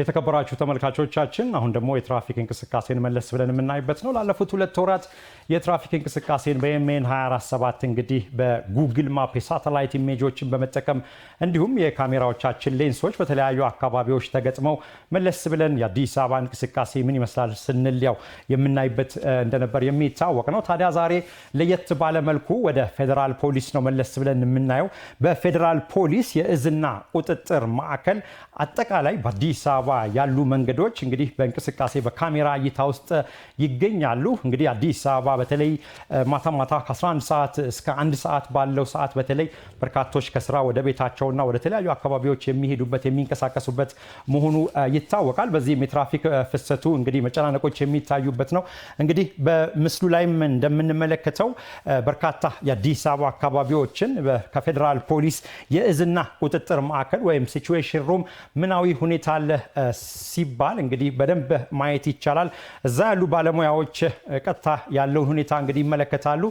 የተከበራችሁ ተመልካቾቻችን አሁን ደግሞ የትራፊክ እንቅስቃሴን መለስ ብለን የምናይበት ነው። ላለፉት ሁለት ወራት የትራፊክ እንቅስቃሴን በኤምኤን 247 እንግዲህ በጉግል ማፕ የሳተላይት ኢሜጆችን በመጠቀም እንዲሁም የካሜራዎቻችን ሌንሶች በተለያዩ አካባቢዎች ተገጥመው መለስ ብለን የአዲስ አበባ እንቅስቃሴ ምን ይመስላል ስንል ያው የምናይበት እንደነበር የሚታወቅ ነው። ታዲያ ዛሬ ለየት ባለመልኩ ወደ ፌዴራል ፖሊስ ነው መለስ ብለን የምናየው። በፌዴራል ፖሊስ የእዝና ቁጥጥር ማዕከል አጠቃላይ በአዲስ አበባ አበባ ያሉ መንገዶች እንግዲህ በእንቅስቃሴ በካሜራ እይታ ውስጥ ይገኛሉ። እንግዲህ አዲስ አበባ በተለይ ማታ ማታ ከ11 ሰዓት እስከ አንድ ሰዓት ባለው ሰዓት በተለይ በርካቶች ከስራ ወደ ቤታቸውና ወደ ተለያዩ አካባቢዎች የሚሄዱበት የሚንቀሳቀሱበት መሆኑ ይታወቃል። በዚህም የትራፊክ ፍሰቱ እንግዲህ መጨናነቆች የሚታዩበት ነው። እንግዲህ በምስሉ ላይም እንደምንመለከተው በርካታ የአዲስ አበባ አካባቢዎችን ከፌዴራል ፖሊስ የእዝና ቁጥጥር ማዕከል ወይም ሲቹዌሽን ሩም ምናዊ ሁኔታ አለ ሲባል እንግዲህ በደንብ ማየት ይቻላል። እዛ ያሉ ባለሙያዎች ቀጥታ ያለውን ሁኔታ እንግዲህ ይመለከታሉ።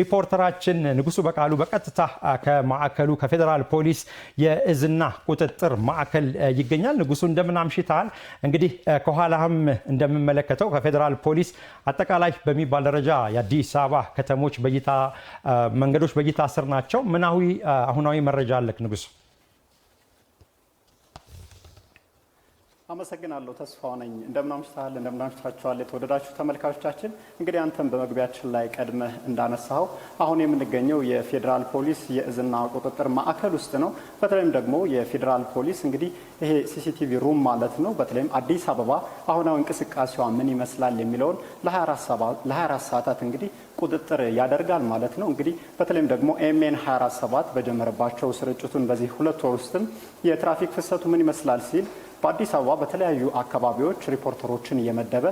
ሪፖርተራችን ንጉሱ በቃሉ በቀጥታ ከማዕከሉ ከፌዴራል ፖሊስ የእዝና ቁጥጥር ማዕከል ይገኛል። ንጉሱ እንደምን አምሽተሃል? እንግዲህ ከኋላህም እንደምመለከተው ከፌዴራል ፖሊስ አጠቃላይ በሚባል ደረጃ የአዲስ አበባ ከተሞች መንገዶች በይታ ስር ናቸው። ምናዊ አሁናዊ መረጃ አለክ ንጉሱ? አመሰግናለሁ ተስፋው ነኝ። እንደምን አምሽተሃል? እንደምን አምሽታችኋል? የተወደዳችሁ ተመልካቾቻችን እንግዲህ አንተም በመግቢያችን ላይ ቀድመህ እንዳነሳኸው አሁን የምንገኘው የፌዴራል ፖሊስ የእዝና ቁጥጥር ማዕከል ውስጥ ነው። በተለይም ደግሞ የፌዴራል ፖሊስ እንግዲህ ይሄ ሲሲቲቪ ሩም ማለት ነው። በተለይም አዲስ አበባ አሁናዊ እንቅስቃሴዋ ምን ይመስላል የሚለውን ለ24 ሰዓታት እንግዲህ ቁጥጥር ያደርጋል ማለት ነው። እንግዲህ በተለይም ደግሞ ኤምኤን 24 በጀመረባቸው ስርጭቱን በዚህ ሁለት ወር ውስጥም የትራፊክ ፍሰቱ ምን ይመስላል ሲል በአዲስ አበባ በተለያዩ አካባቢዎች ሪፖርተሮችን እየመደበ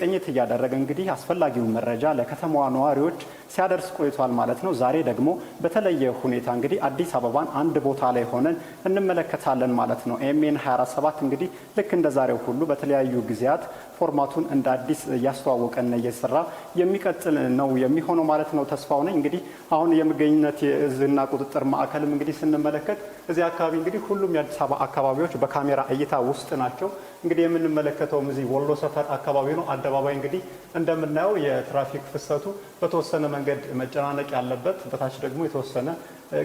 ቅኝት እያደረገ እንግዲህ አስፈላጊውን መረጃ ለከተማዋ ነዋሪዎች ሲያደርስ ቆይቷል ማለት ነው። ዛሬ ደግሞ በተለየ ሁኔታ እንግዲህ አዲስ አበባን አንድ ቦታ ላይ ሆነን እንመለከታለን ማለት ነው። ኤምኤን 247 እንግዲህ ልክ እንደ ዛሬው ሁሉ በተለያዩ ጊዜያት ፎርማቱን እንደ አዲስ እያስተዋወቀን እየሰራ የሚቀጥል ነው የሚሆነው ማለት ነው። ተስፋው ነኝ እንግዲህ አሁን የምገኝነት የእዝና ቁጥጥር ማዕከልም እንግዲህ ስንመለከት እዚህ አካባቢ እንግዲህ ሁሉም የአዲስ አበባ አካባቢዎች በካሜራ እይታ ውስጥ ናቸው። እንግዲህ የምንመለከተውም እዚህ ወሎ ሰፈር አካባቢ ነው። አደባባይ እንግዲህ እንደምናየው የትራፊክ ፍሰቱ በተወሰነ መንገድ መጨናነቅ ያለበት በታች ደግሞ የተወሰነ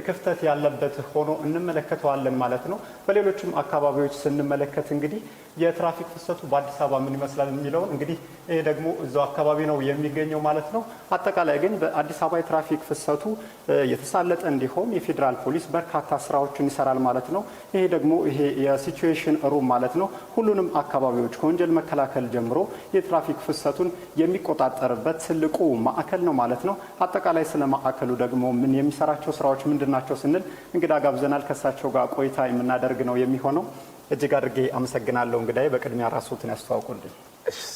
ክፍተት ያለበት ሆኖ እንመለከተዋለን ማለት ነው። በሌሎችም አካባቢዎች ስንመለከት እንግዲህ የትራፊክ ፍሰቱ በአዲስ አበባ ምን ይመስላል የሚለውን እንግዲህ ይሄ ደግሞ እዛው አካባቢ ነው የሚገኘው ማለት ነው። አጠቃላይ ግን በአዲስ አበባ የትራፊክ ፍሰቱ የተሳለጠ እንዲሆን የፌዴራል ፖሊስ በርካታ ስራዎችን ይሰራል ማለት ነው። ይሄ ደግሞ ይሄ የሲቹዌሽን ሩም ማለት ነው ሁሉንም አካባቢዎች ከወንጀል መከላከል ጀምሮ የትራፊክ ፍሰቱን የሚቆጣጠርበት ትልቁ ማዕከል ነው ማለት ነው። አጠቃላይ ስለ ማዕከሉ ደግሞ ምን የሚሰራቸው ስራዎች ምንድን ናቸው ስንል እንግዳ ጋብዘናል። ከእሳቸው ጋር ቆይታ የምናደርግ ነው የሚሆነው። እጅግ አድርጌ አመሰግናለሁ። እንግዳዬ በቅድሚያ ራስዎትን ያስተዋውቁልን።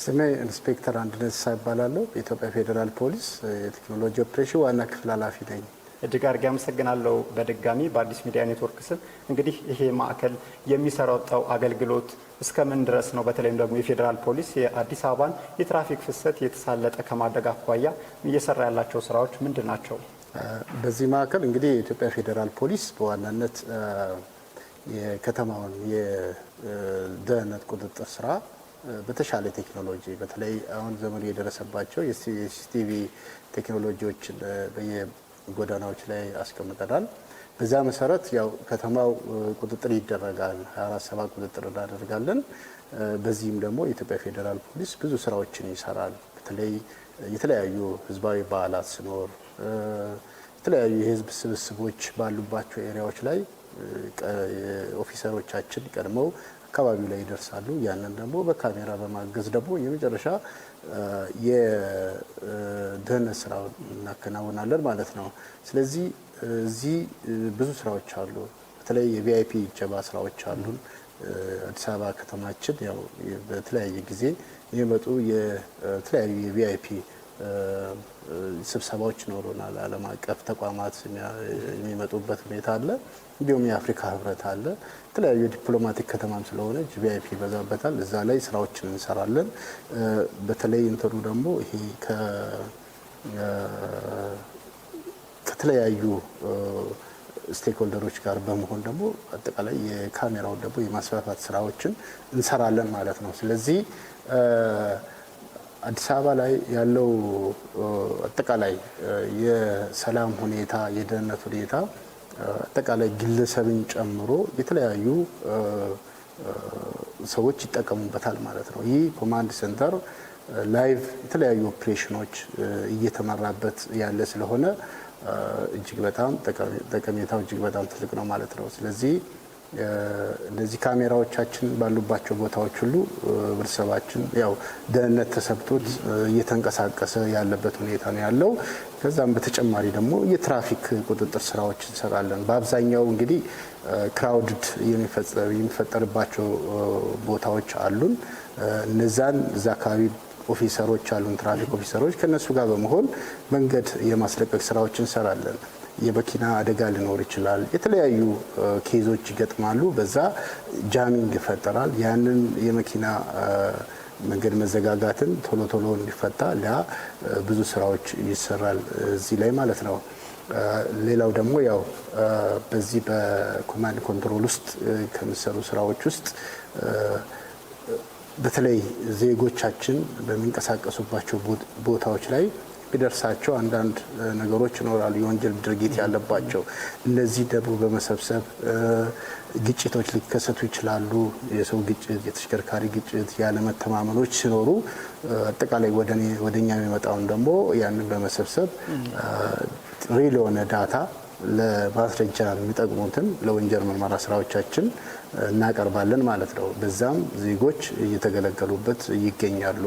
ስሜ ኢንስፔክተር አንድነት ሲሳ ይባላለሁ። በኢትዮጵያ ፌዴራል ፖሊስ የቴክኖሎጂ ኦፕሬሽን ዋና ክፍል ኃላፊ ነኝ። እጅግ አድርጌ አመሰግናለሁ። በድጋሚ በአዲስ ሚዲያ ኔትወርክ ስም እንግዲህ ይሄ ማዕከል የሚሰረጠው አገልግሎት እስከምን ድረስ ነው? በተለይም ደግሞ የፌዴራል ፖሊስ የአዲስ አበባን የትራፊክ ፍሰት የተሳለጠ ከማድረግ አኳያ እየሰራ ያላቸው ስራዎች ምንድን ናቸው? በዚህ መካከል እንግዲህ የኢትዮጵያ ፌዴራል ፖሊስ በዋናነት የከተማውን የደህንነት ቁጥጥር ስራ በተሻለ ቴክኖሎጂ በተለይ አሁን ዘመኑ የደረሰባቸው የሲሲቲቪ ቴክኖሎጂዎችን በየጎዳናዎች ላይ አስቀምጠናል። በዛ መሰረት ያው ከተማው ቁጥጥር ይደረጋል። 24 ቁጥጥር እናደርጋለን። በዚህም ደግሞ የኢትዮጵያ ፌዴራል ፖሊስ ብዙ ስራዎችን ይሰራል። በተለይ የተለያዩ ህዝባዊ በዓላት ሲኖር የተለያዩ የህዝብ ስብስቦች ባሉባቸው ኤሪያዎች ላይ ኦፊሰሮቻችን ቀድመው አካባቢው ላይ ይደርሳሉ። ያንን ደግሞ በካሜራ በማገዝ ደግሞ የመጨረሻ የደህንነት ስራውን እናከናውናለን ማለት ነው። ስለዚህ እዚህ ብዙ ስራዎች አሉ። በተለይ የቪአይፒ እጀባ ስራዎች አሉን። አዲስ አበባ ከተማችን ያው በተለያየ ጊዜ የሚመጡ የተለያዩ የቪአይፒ ስብሰባዎች ይኖሩናል። ዓለም አቀፍ ተቋማት የሚመጡበት ሁኔታ አለ። እንዲሁም የአፍሪካ ህብረት አለ። የተለያዩ ዲፕሎማቲክ ከተማም ስለሆነች ቪአይፒ ይበዛበታል። እዛ ላይ ስራዎችን እንሰራለን። በተለይ እንትኑ ደግሞ ይሄ ከተለያዩ ስቴክሆልደሮች ጋር በመሆን ደግሞ አጠቃላይ የካሜራውን ደግሞ የማስፋፋት ስራዎችን እንሰራለን ማለት ነው። ስለዚህ አዲስ አበባ ላይ ያለው አጠቃላይ የሰላም ሁኔታ፣ የደህንነት ሁኔታ አጠቃላይ ግለሰብን ጨምሮ የተለያዩ ሰዎች ይጠቀሙበታል ማለት ነው። ይህ ኮማንድ ሴንተር ላይቭ የተለያዩ ኦፕሬሽኖች እየተመራበት ያለ ስለሆነ እጅግ በጣም ጠቀሜታው እጅግ በጣም ትልቅ ነው ማለት ነው። ስለዚህ እነዚህ ካሜራዎቻችን ባሉባቸው ቦታዎች ሁሉ ህብረተሰባችን ያው ደህንነት ተሰብቶት እየተንቀሳቀሰ ያለበት ሁኔታ ነው ያለው። ከዛም በተጨማሪ ደግሞ የትራፊክ ቁጥጥር ስራዎች እንሰራለን። በአብዛኛው እንግዲህ ክራውድድ የሚፈጠርባቸው ቦታዎች አሉን። እነዛን እዛ አካባቢ ኦፊሰሮች አሉን፣ ትራፊክ ኦፊሰሮች ከእነሱ ጋር በመሆን መንገድ የማስለቀቅ ስራዎች እንሰራለን። የመኪና አደጋ ሊኖር ይችላል። የተለያዩ ኬዞች ይገጥማሉ። በዛ ጃሚንግ ይፈጠራል። ያንን የመኪና መንገድ መዘጋጋትን ቶሎ ቶሎ እንዲፈታ ላ ብዙ ስራዎች ይሰራል እዚህ ላይ ማለት ነው። ሌላው ደግሞ ያው በዚህ በኮማንድ ኮንትሮል ውስጥ ከሚሰሩ ስራዎች ውስጥ በተለይ ዜጎቻችን በሚንቀሳቀሱባቸው ቦታዎች ላይ ቢደርሳቸው አንዳንድ ነገሮች ይኖራሉ። የወንጀል ድርጊት ያለባቸው እነዚህ ደግሞ በመሰብሰብ ግጭቶች ሊከሰቱ ይችላሉ። የሰው ግጭት፣ የተሽከርካሪ ግጭት፣ ያለመተማመኖች ሲኖሩ አጠቃላይ ወደ እኛ የሚመጣውን ደግሞ ያንን በመሰብሰብ ሪል የሆነ ዳታ ለማስረጃ የሚጠቅሙትን ለወንጀል ምርመራ ስራዎቻችን እናቀርባለን ማለት ነው። በዛም ዜጎች እየተገለገሉበት ይገኛሉ።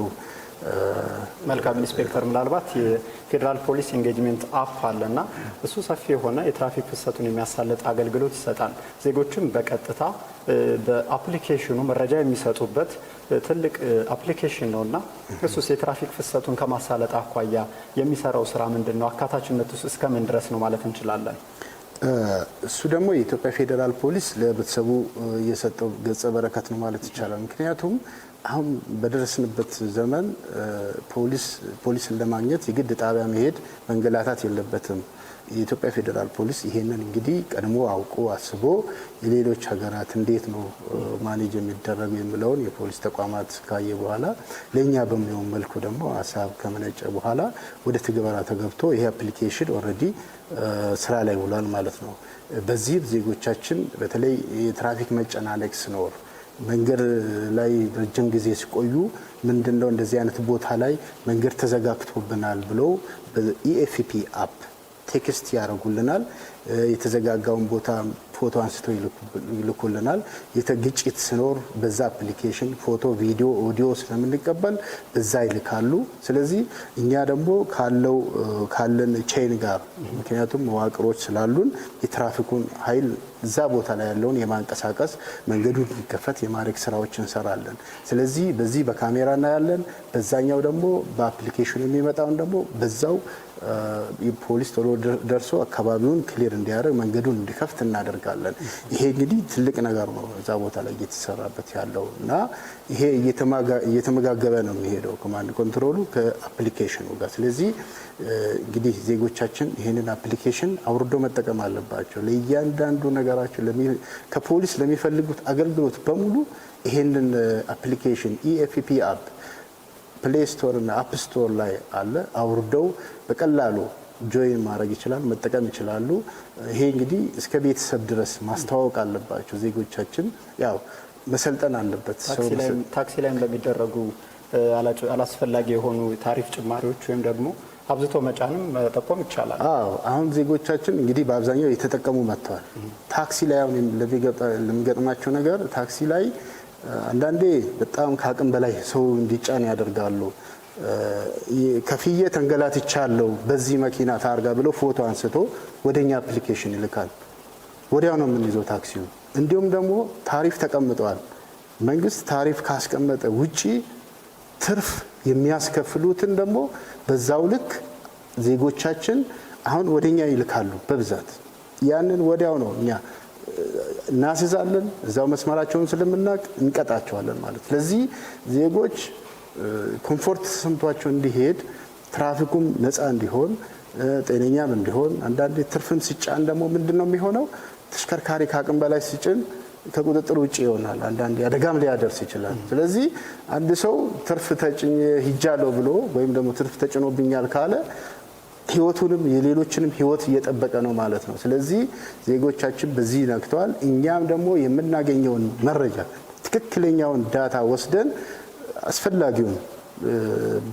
መልካም ኢንስፔክተር ምናልባት የፌዴራል ፖሊስ ኢንጌጅመንት አፕ አለ እሱ ሰፊ የሆነ የትራፊክ ፍሰቱን የሚያሳልጥ አገልግሎት ይሰጣል። ዜጎችም በቀጥታ በአፕሊኬሽኑ መረጃ የሚሰጡበት ትልቅ አፕሊኬሽን ነው እና እሱስ የትራፊክ ፍሰቱን ከማሳለጥ አኳያ የሚሰራው ስራ ምንድን ነው? አካታችነት ውስጥ እስከ ድረስ ነው ማለት እንችላለን? እሱ ደግሞ የኢትዮጵያ ፌዴራል ፖሊስ ለህብረተሰቡ የሰጠው ገጸ በረከት ነው ማለት ይቻላል። ምክንያቱም አሁን በደረስንበት ዘመን ፖሊስ ፖሊስን ለማግኘት የግድ ጣቢያ መሄድ መንገላታት የለበትም። የኢትዮጵያ ፌዴራል ፖሊስ ይሄንን እንግዲህ ቀድሞ አውቆ አስቦ የሌሎች ሀገራት እንዴት ነው ማኔጅ የሚደረጉ የሚለውን የፖሊስ ተቋማት ካየ በኋላ ለእኛ በሚሆን መልኩ ደግሞ ሀሳብ ከመነጨ በኋላ ወደ ትግበራ ተገብቶ ይሄ አፕሊኬሽን ኦልሬዲ ስራ ላይ ውሏል ማለት ነው። በዚህ ዜጎቻችን በተለይ የትራፊክ መጨናነቅ ሲኖር መንገድ ላይ ረጅም ጊዜ ሲቆዩ ምንድን ነው እንደዚህ አይነት ቦታ ላይ መንገድ ተዘጋግቶብናል ብለው በኢኤፍፒ አፕ ቴክስት ያደርጉልናል። የተዘጋጋውን ቦታ ፎቶ አንስቶ ይልኩልናል። ግጭት ሲኖር በዛ አፕሊኬሽን ፎቶ፣ ቪዲዮ፣ ኦዲዮ ስለምንቀበል በዛ ይልካሉ። ስለዚህ እኛ ደግሞ ካለው ካለን ቼን ጋር ምክንያቱም መዋቅሮች ስላሉን የትራፊኩን ኃይል እዛ ቦታ ላይ ያለውን የማንቀሳቀስ መንገዱ እንዲከፈት የማድረግ ስራዎች እንሰራለን። ስለዚህ በዚህ በካሜራ እናያለን። በዛኛው ደግሞ በአፕሊኬሽኑ የሚመጣውን ደግሞ በዛው ፖሊስ ቶሎ ደርሶ አካባቢውን ክሊር እንዲያደርግ መንገዱን እንዲከፍት እናደርጋለን። ይሄ እንግዲህ ትልቅ ነገር ነው እዛ ቦታ ላይ እየተሰራበት ያለው እና ይሄ እየተመጋገበ ነው የሚሄደው ኮማንድ ኮንትሮሉ ከአፕሊኬሽኑ ጋር። ስለዚህ እንግዲህ ዜጎቻችን ይህንን አፕሊኬሽን አውርዶ መጠቀም አለባቸው ለእያንዳንዱ ነገር ሀገራችን ከፖሊስ ለሚፈልጉት አገልግሎት በሙሉ ይሄንን አፕሊኬሽን ኢኤፍፒ አፕ ፕሌይ ስቶር እና አፕ ስቶር ላይ አለ። አውርደው በቀላሉ ጆይን ማድረግ ይችላል፣ መጠቀም ይችላሉ። ይሄ እንግዲህ እስከ ቤተሰብ ድረስ ማስተዋወቅ አለባቸው ዜጎቻችን። ያው መሰልጠን አለበት። ታክሲ ላይም በሚደረጉ አላስፈላጊ የሆኑ ታሪፍ ጭማሪዎች ወይም ደግሞ አብዝቶ መጫንም መጠቆም ይቻላል። አዎ አሁን ዜጎቻችን እንግዲህ በአብዛኛው የተጠቀሙ መጥተዋል። ታክሲ ላይ አሁን ለሚገጥማቸው ነገር ታክሲ ላይ አንዳንዴ በጣም ከአቅም በላይ ሰው እንዲጫን ያደርጋሉ። ከፍዬ ተንገላትቻለሁ በዚህ መኪና ታርጋ ብሎ ፎቶ አንስቶ ወደኛ አፕሊኬሽን ይልካል። ወዲያው ነው የምንይዘው ታክሲው። እንዲሁም ደግሞ ታሪፍ ተቀምጠዋል። መንግስት ታሪፍ ካስቀመጠ ውጪ ትርፍ የሚያስከፍሉትን ደግሞ በዛው ልክ ዜጎቻችን አሁን ወደኛ ይልካሉ በብዛት ያንን ወዲያው ነው እኛ እናስዛለን እዛው መስመራቸውን ስለምናቅ እንቀጣቸዋለን ማለት ለዚህ ዜጎች ኮምፎርት ተሰምቷቸው እንዲሄድ ትራፊኩም ነፃ እንዲሆን ጤነኛም እንዲሆን አንዳንዴ ትርፍም ሲጫን ደግሞ ምንድን ነው የሚሆነው ተሽከርካሪ ከአቅም በላይ ሲጭን ከቁጥጥር ውጭ ይሆናል። አንዳንድ አደጋም ሊያደርስ ይችላል። ስለዚህ አንድ ሰው ትርፍ ተጭኝ ሂጃለሁ ብሎ ወይም ደግሞ ትርፍ ተጭኖብኛል ካለ ህይወቱንም የሌሎችንም ህይወት እየጠበቀ ነው ማለት ነው። ስለዚህ ዜጎቻችን በዚህ ነክተዋል። እኛም ደግሞ የምናገኘውን መረጃ ትክክለኛውን ዳታ ወስደን አስፈላጊውን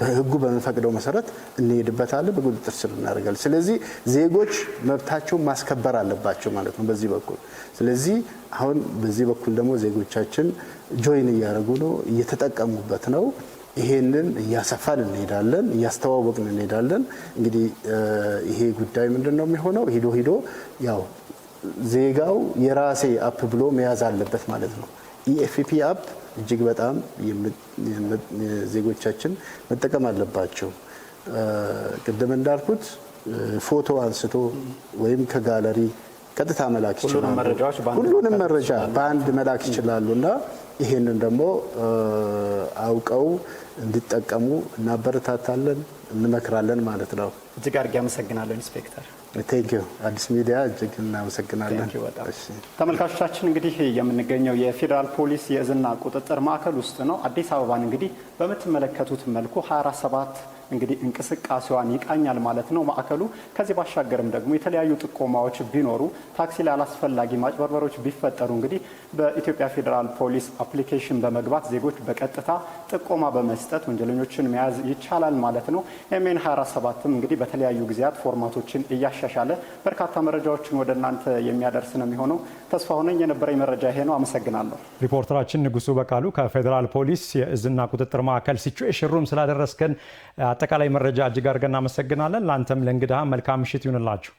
በህጉ በምንፈቅደው መሰረት እንሄድበታለን፣ በቁጥጥር ስር እናደርጋለን። ስለዚህ ዜጎች መብታቸውን ማስከበር አለባቸው ማለት ነው በዚህ በኩል። ስለዚህ አሁን በዚህ በኩል ደግሞ ዜጎቻችን ጆይን እያደረጉ ነው፣ እየተጠቀሙበት ነው። ይሄንን እያሰፋን እንሄዳለን፣ እያስተዋወቅን እንሄዳለን። እንግዲህ ይሄ ጉዳይ ምንድን ነው የሚሆነው? ሂዶ ሂዶ ያው ዜጋው የራሴ አፕ ብሎ መያዝ አለበት ማለት ነው ኢኤፍፒ አፕ እጅግ በጣም ዜጎቻችን መጠቀም አለባቸው። ቅድም እንዳልኩት ፎቶ አንስቶ ወይም ከጋለሪ ቀጥታ መላክ ይችላሉ። ሁሉንም መረጃ በአንድ መላክ ይችላሉ እና ይህንን ደግሞ አውቀው እንዲጠቀሙ እናበረታታለን፣ እንመክራለን ማለት ነው። እጅግ አድርጌ አመሰግናለሁ ኢንስፔክተር። ቴንኪዩ አዲስ ሚዲያ እጅግ እናመሰግናለን። ተመልካቾቻችን እንግዲህ የምንገኘው የፌዴራል ፖሊስ የእዝና ቁጥጥር ማዕከል ውስጥ ነው። አዲስ አበባን እንግዲህ በምትመለከቱት መልኩ 24/7 እንግዲህ እንቅስቃሴዋን ይቃኛል ማለት ነው ማዕከሉ። ከዚህ ባሻገርም ደግሞ የተለያዩ ጥቆማዎች ቢኖሩ ታክሲ ላይ አላስፈላጊ ማጭበርበሮች ቢፈጠሩ እንግዲህ በኢትዮጵያ ፌዴራል ፖሊስ አፕሊኬሽን በመግባት ዜጎች በቀጥታ ጥቆማ በመስጠት ወንጀለኞችን መያዝ ይቻላል ማለት ነው። ኤምኤን 247 እንግዲህ በተለያዩ ጊዜያት ፎርማቶችን እያሻሻለ በርካታ መረጃዎችን ወደ እናንተ የሚያደርስ ነው የሚሆነው። ተስፋ ሆነኝ የነበረኝ መረጃ ይሄ ነው። አመሰግናለሁ። ሪፖርተራችን ንጉሱ በቃሉ ከፌዴራል ፖሊስ የእዝና ቁጥጥር ማዕከል ሲቹዌሽን ሩም ስላደረስከን አጠቃላይ መረጃ እጅግ አድርገን እናመሰግናለን። ለአንተም ለእንግዳ መልካም ምሽት ይሁንላችሁ።